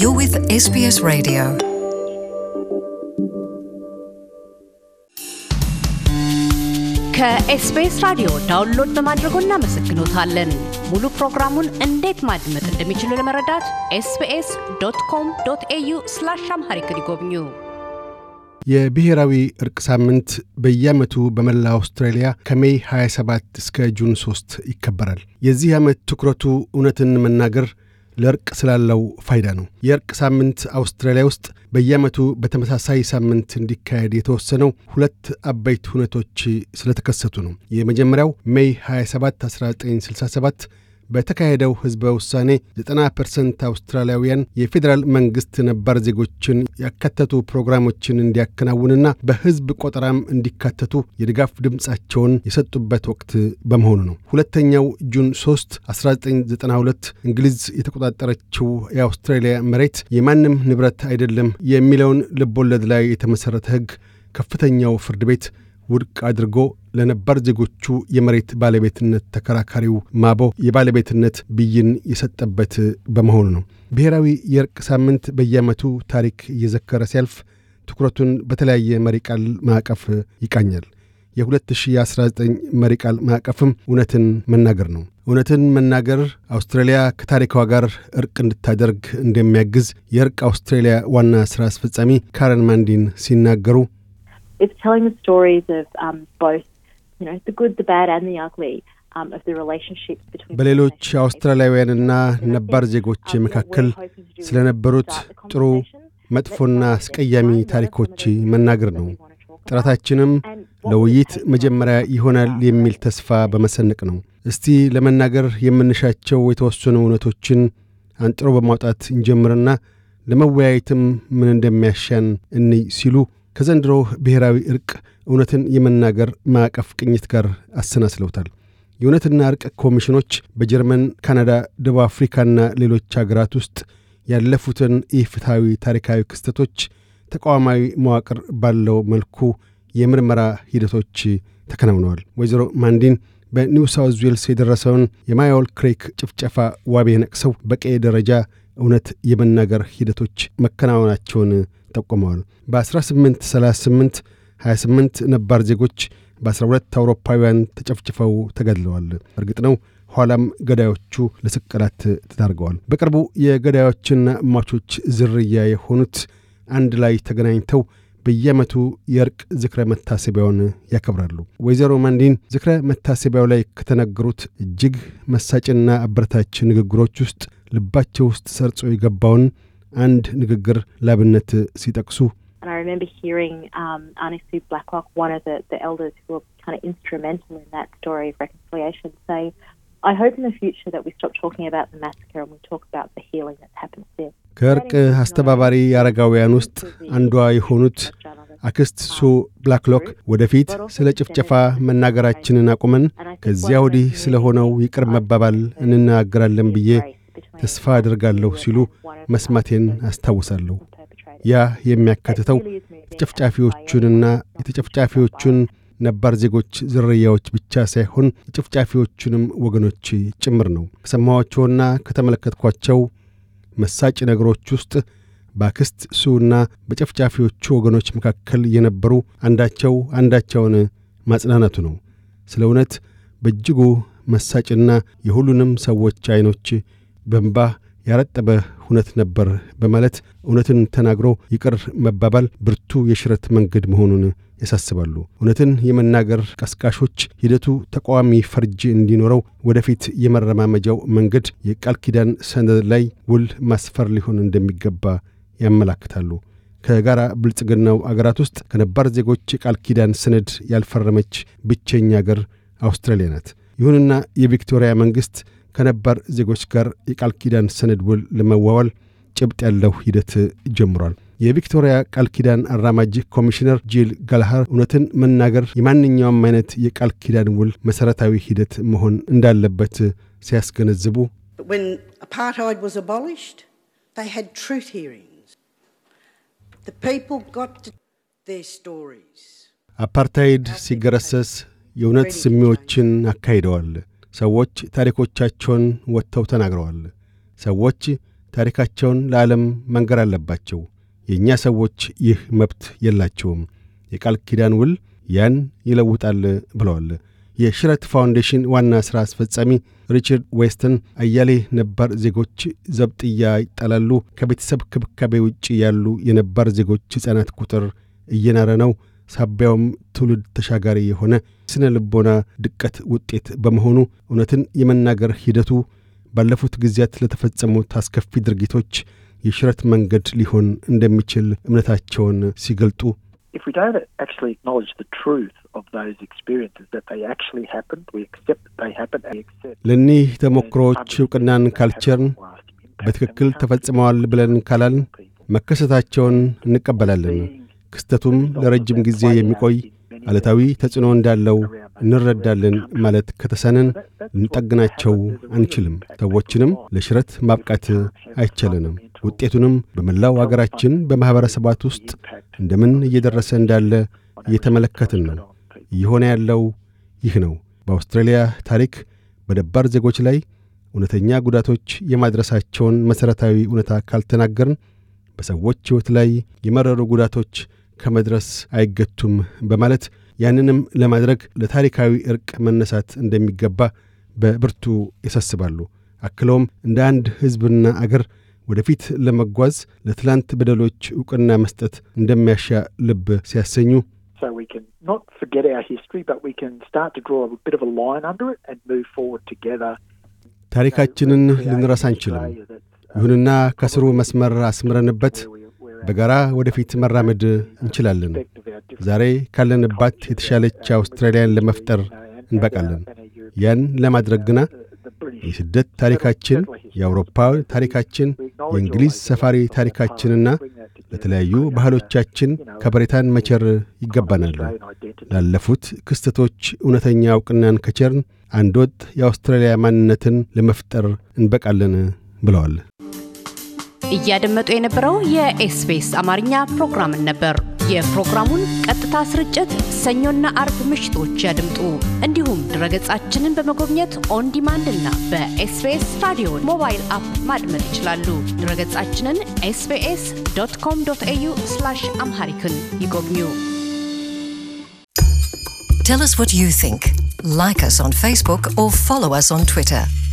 You're with SBS Radio. ከኤስቢኤስ ራዲዮ ዳውንሎድ በማድረጎ እናመሰግኖታለን። ሙሉ ፕሮግራሙን እንዴት ማድመጥ እንደሚችሉ ለመረዳት ኤስቢኤስ ዶት ኮም ዶት ኤዩ ስላሽ አምሃሪክ ይጎብኙ። የብሔራዊ እርቅ ሳምንት በየዓመቱ በመላ አውስትራሊያ ከሜይ 27 እስከ ጁን 3 ይከበራል። የዚህ ዓመት ትኩረቱ እውነትን መናገር ለእርቅ ስላለው ፋይዳ ነው። የእርቅ ሳምንት አውስትራሊያ ውስጥ በየዓመቱ በተመሳሳይ ሳምንት እንዲካሄድ የተወሰነው ሁለት አበይት ሁነቶች ስለተከሰቱ ነው። የመጀመሪያው ሜይ 27 1967 በተካሄደው ሕዝበ ውሳኔ 90 ፐርሰንት አውስትራሊያውያን የፌዴራል መንግሥት ነባር ዜጎችን ያካተቱ ፕሮግራሞችን እንዲያከናውንና በሕዝብ ቆጠራም እንዲካተቱ የድጋፍ ድምፃቸውን የሰጡበት ወቅት በመሆኑ ነው። ሁለተኛው ጁን 3 1992 እንግሊዝ የተቆጣጠረችው የአውስትራሊያ መሬት የማንም ንብረት አይደለም የሚለውን ልቦለድ ላይ የተመሠረተ ሕግ ከፍተኛው ፍርድ ቤት ውድቅ አድርጎ ለነባር ዜጎቹ የመሬት ባለቤትነት ተከራካሪው ማቦ የባለቤትነት ብይን የሰጠበት በመሆኑ ነው። ብሔራዊ የእርቅ ሳምንት በየዓመቱ ታሪክ እየዘከረ ሲያልፍ ትኩረቱን በተለያየ መሪ ቃል ማዕቀፍ ይቃኛል። የ2019 መሪ ቃል ማዕቀፍም እውነትን መናገር ነው። እውነትን መናገር አውስትራሊያ ከታሪካዋ ጋር እርቅ እንድታደርግ እንደሚያግዝ የእርቅ አውስትራሊያ ዋና ሥራ አስፈጻሚ ካረን ማንዲን ሲናገሩ It's telling the stories of um, both, you know, the good, the bad, and the ugly. Um, በሌሎች አውስትራሊያውያንና ነባር ዜጎች um, መካከል ስለነበሩት ጥሩ መጥፎና አስቀያሚ ታሪኮች መናገር ነው። ጥረታችንም ለውይይት መጀመሪያ ይሆናል um, የሚል ተስፋ በመሰንቅ ነው። እስቲ ለመናገር የምንሻቸው የተወሰኑ እውነቶችን አንጥሮ በማውጣት እንጀምርና ለመወያየትም ምን እንደሚያሻን እንይ ሲሉ ከዘንድሮ ብሔራዊ እርቅ እውነትን የመናገር ማዕቀፍ ቅኝት ጋር አሰናስለውታል። የእውነትና እርቅ ኮሚሽኖች በጀርመን፣ ካናዳ፣ ደቡብ አፍሪካና ሌሎች አገራት ውስጥ ያለፉትን ኢፍትሐዊ ታሪካዊ ክስተቶች ተቋማዊ መዋቅር ባለው መልኩ የምርመራ ሂደቶች ተከናውነዋል። ወይዘሮ ማንዲን በኒው ሳውዝ ዌልስ የደረሰውን የማዮል ክሬክ ጭፍጨፋ ዋቤ ነቅሰው በቀይ ደረጃ እውነት የመናገር ሂደቶች መከናወናቸውን ጠቁመዋል። በ1838 28 ነባር ዜጎች በ12 አውሮፓውያን ተጨፍጭፈው ተገድለዋል። እርግጥ ነው ኋላም ገዳዮቹ ለስቅላት ተዳርገዋል። በቅርቡ የገዳዮችና ሟቾች ዝርያ የሆኑት አንድ ላይ ተገናኝተው በየዓመቱ የእርቅ ዝክረ መታሰቢያውን ያከብራሉ። ወይዘሮ ማንዲን ዝክረ መታሰቢያው ላይ ከተነገሩት እጅግ መሳጭና አበረታች ንግግሮች ውስጥ ልባቸው ውስጥ ሰርጾ የገባውን አንድ ንግግር ላብነት ሲጠቅሱ um, ከእርቅ አስተባባሪ አረጋውያን ውስጥ አንዷ የሆኑት um, አክስት ሱ ብላክሎክ ወደፊት ስለ ጭፍጨፋ መናገራችንን አቁመን ከዚያ ወዲህ ስለ ሆነው ይቅር መባባል እንናገራለን ብዬ ተስፋ አደርጋለሁ ሲሉ መስማቴን አስታውሳለሁ። ያ የሚያካትተው ተጨፍጫፊዎቹንና የተጨፍጫፊዎቹን ነባር ዜጎች ዝርያዎች ብቻ ሳይሆን የጭፍጫፊዎቹንም ወገኖች ጭምር ነው። ከሰማኋቸውና ከተመለከትኳቸው መሳጭ ነገሮች ውስጥ በአክስት ሱና በጨፍጫፊዎቹ ወገኖች መካከል የነበሩ አንዳቸው አንዳቸውን ማጽናናቱ ነው። ስለ እውነት በእጅጉ መሳጭና የሁሉንም ሰዎች ዐይኖች በንባ ያረጠበ ሁነት ነበር በማለት እውነትን ተናግሮ ይቅር መባባል ብርቱ የሽረት መንገድ መሆኑን ያሳስባሉ። እውነትን የመናገር ቀስቃሾች ሂደቱ ተቃዋሚ ፈርጅ እንዲኖረው ወደፊት የመረማመጃው መንገድ የቃል ኪዳን ሰነድ ላይ ውል ማስፈር ሊሆን እንደሚገባ ያመላክታሉ። ከጋራ ብልጽግናው አገራት ውስጥ ከነባር ዜጎች የቃል ኪዳን ሰነድ ያልፈረመች ብቸኛ አገር አውስትራሊያ ናት። ይሁንና የቪክቶሪያ መንግሥት ከነባር ዜጎች ጋር የቃል ኪዳን ሰነድ ውል ለመዋዋል ጭብጥ ያለው ሂደት ጀምሯል። የቪክቶሪያ ቃል ኪዳን አራማጅ ኮሚሽነር ጂል ጋልሃር እውነትን መናገር የማንኛውም አይነት የቃል ኪዳን ውል መሠረታዊ ሂደት መሆን እንዳለበት ሲያስገነዝቡ አፓርታይድ ሲገረሰስ የእውነት ስሜዎችን አካሂደዋል። ሰዎች ታሪኮቻቸውን ወጥተው ተናግረዋል። ሰዎች ታሪካቸውን ለዓለም መንገር አለባቸው። የእኛ ሰዎች ይህ መብት የላቸውም። የቃል ኪዳን ውል ያን ይለውጣል ብለዋል። የሽረት ፋውንዴሽን ዋና ሥራ አስፈጻሚ ሪቻርድ ዌስተን አያሌ ነባር ዜጎች ዘብጥያ ይጣላሉ። ከቤተሰብ ክብካቤ ውጭ ያሉ የነባር ዜጎች ሕፃናት ቁጥር እየናረ ነው። ሳቢያውም ትውልድ ተሻጋሪ የሆነ ስነ ልቦና ድቀት ውጤት በመሆኑ እውነትን የመናገር ሂደቱ ባለፉት ጊዜያት ለተፈጸሙት አስከፊ ድርጊቶች የሽረት መንገድ ሊሆን እንደሚችል እምነታቸውን ሲገልጡ if we don't actually acknowledge the truth of those experiences, that they actually happened, we accept that they happened, and accept... ለእኒህ ተሞክሮዎች እውቅናን ካልቸርን በትክክል ተፈጽመዋል ብለን ካላልን መከሰታቸውን እንቀበላለን። ክስተቱም ለረጅም ጊዜ የሚቆይ አለታዊ ተጽዕኖ እንዳለው እንረዳለን ማለት ከተሳነን ልንጠግናቸው አንችልም። ሰዎችንም ለሽረት ማብቃት አይቻለንም። ውጤቱንም በመላው አገራችን በማኅበረሰባት ውስጥ እንደምን እየደረሰ እንዳለ እየተመለከትን ነው። እየሆነ ያለው ይህ ነው። በአውስትራሊያ ታሪክ በደባር ዜጎች ላይ እውነተኛ ጉዳቶች የማድረሳቸውን መሠረታዊ እውነታ ካልተናገርን በሰዎች ሕይወት ላይ የመረሩ ጉዳቶች ከመድረስ አይገቱም በማለት ያንንም ለማድረግ ለታሪካዊ እርቅ መነሳት እንደሚገባ በብርቱ ያሳስባሉ። አክለውም እንደ አንድ ሕዝብና አገር ወደፊት ለመጓዝ ለትላንት በደሎች ዕውቅና መስጠት እንደሚያሻ ልብ ሲያሰኙ ታሪካችንን ልንረሳ አንችልም። ይሁንና ከስሩ መስመር አስምረንበት በጋራ ወደፊት መራመድ እንችላለን። ዛሬ ካለንባት የተሻለች አውስትራሊያን ለመፍጠር እንበቃለን። ያን ለማድረግ ግና የስደት ታሪካችን፣ የአውሮፓ ታሪካችን፣ የእንግሊዝ ሰፋሪ ታሪካችንና ለተለያዩ ባህሎቻችን ከበሬታን መቸር ይገባናል። ላለፉት ክስተቶች እውነተኛ ዕውቅናን ከቸርን አንድ ወጥ የአውስትራሊያ ማንነትን ለመፍጠር እንበቃለን ብለዋል። እያደመጡ የነበረው የኤስቢኤስ አማርኛ ፕሮግራምን ነበር። የፕሮግራሙን ቀጥታ ስርጭት ሰኞና አርብ ምሽቶች ያድምጡ። እንዲሁም ድረገጻችንን በመጎብኘት ኦን ዲማንድ እና በኤስቢኤስ ራዲዮ ሞባይል አፕ ማድመጥ ይችላሉ። ድረገጻችንን ኤስቢኤስ ዶት ኮም ዶት ኤዩ አምሃሪክን ይጎብኙ። Tell us what you think. Like us on Facebook or follow us